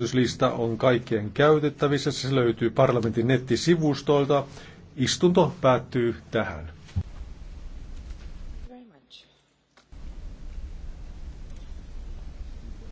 Äänestyslista on kaikkien käytettävissä. Se löytyy parlamentin nettisivustolta. Istunto päättyy tähän.